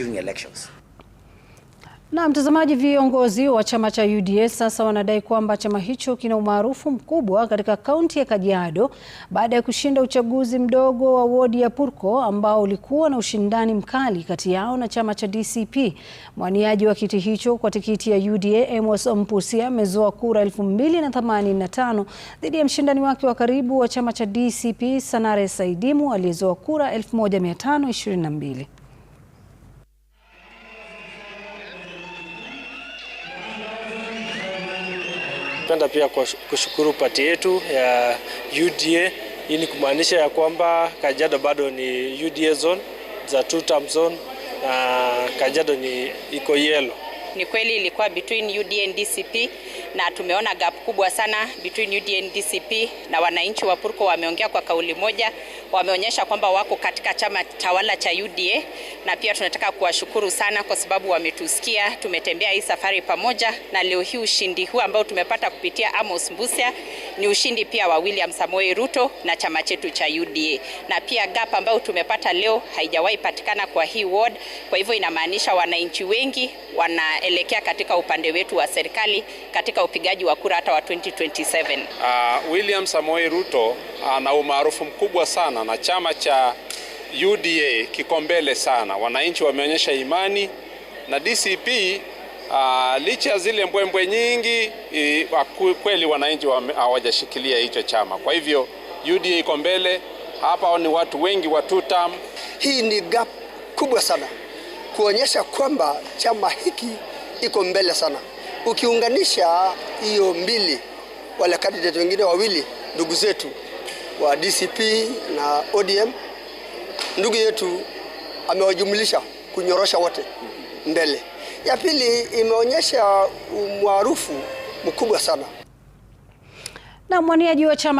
during elections. Na mtazamaji, viongozi wa chama cha UDA sasa wanadai kwamba chama hicho kina umaarufu mkubwa katika kaunti ya Kajiado baada ya kushinda uchaguzi mdogo wa wodi ya Purko ambao ulikuwa na ushindani mkali kati yao na chama cha DCP. Mwaniaji wa kiti hicho kwa tikiti ya UDA Amos Mpusia amezoa kura 2085 dhidi ya mshindani wake wa karibu wa chama cha DCP Sanare Saidimu aliyezoa kura 1522. Napenda pia kushukuru pati yetu ya UDA. Hii ni kumaanisha ya kwamba Kajiado bado ni UDA zone za two term zone na Kajiado ni iko yellow. Ni kweli ilikuwa between UDA and DCP na tumeona gap kubwa sana between UDA and DCP, na wananchi wa Purko wameongea kwa kauli moja wameonyesha kwamba wako katika chama tawala cha UDA, na pia tunataka kuwashukuru sana kwa sababu wametusikia. Tumetembea hii safari pamoja, na leo hii ushindi huu ambao tumepata kupitia Amos Mbusia ni ushindi pia wa William Samoei Ruto na chama chetu cha UDA, na pia gap ambayo tumepata leo haijawahi patikana kwa hii ward. Kwa hivyo inamaanisha wananchi wengi wanaelekea katika upande wetu wa serikali katika upigaji wa kura hata wa 2027. Uh, ah, William Samoei Ruto ana ah, umaarufu mkubwa sana na chama cha UDA kiko mbele sana, wananchi wameonyesha imani na DCP. Uh, ah, licha ya zile mbwembwe nyingi i, waku, ah, kweli wananchi hawajashikilia hicho chama. Kwa hivyo UDA iko mbele hapa, ni watu wengi wa tutam. Hii ni gap kubwa sana kuonyesha kwamba chama hiki iko mbele sana. Ukiunganisha hiyo mbili, wale kandidati wengine wawili ndugu zetu wa DCP na ODM, ndugu yetu amewajumlisha kunyorosha wote mbele. Ya pili imeonyesha umaarufu mkubwa sana na mwaniaji wa chama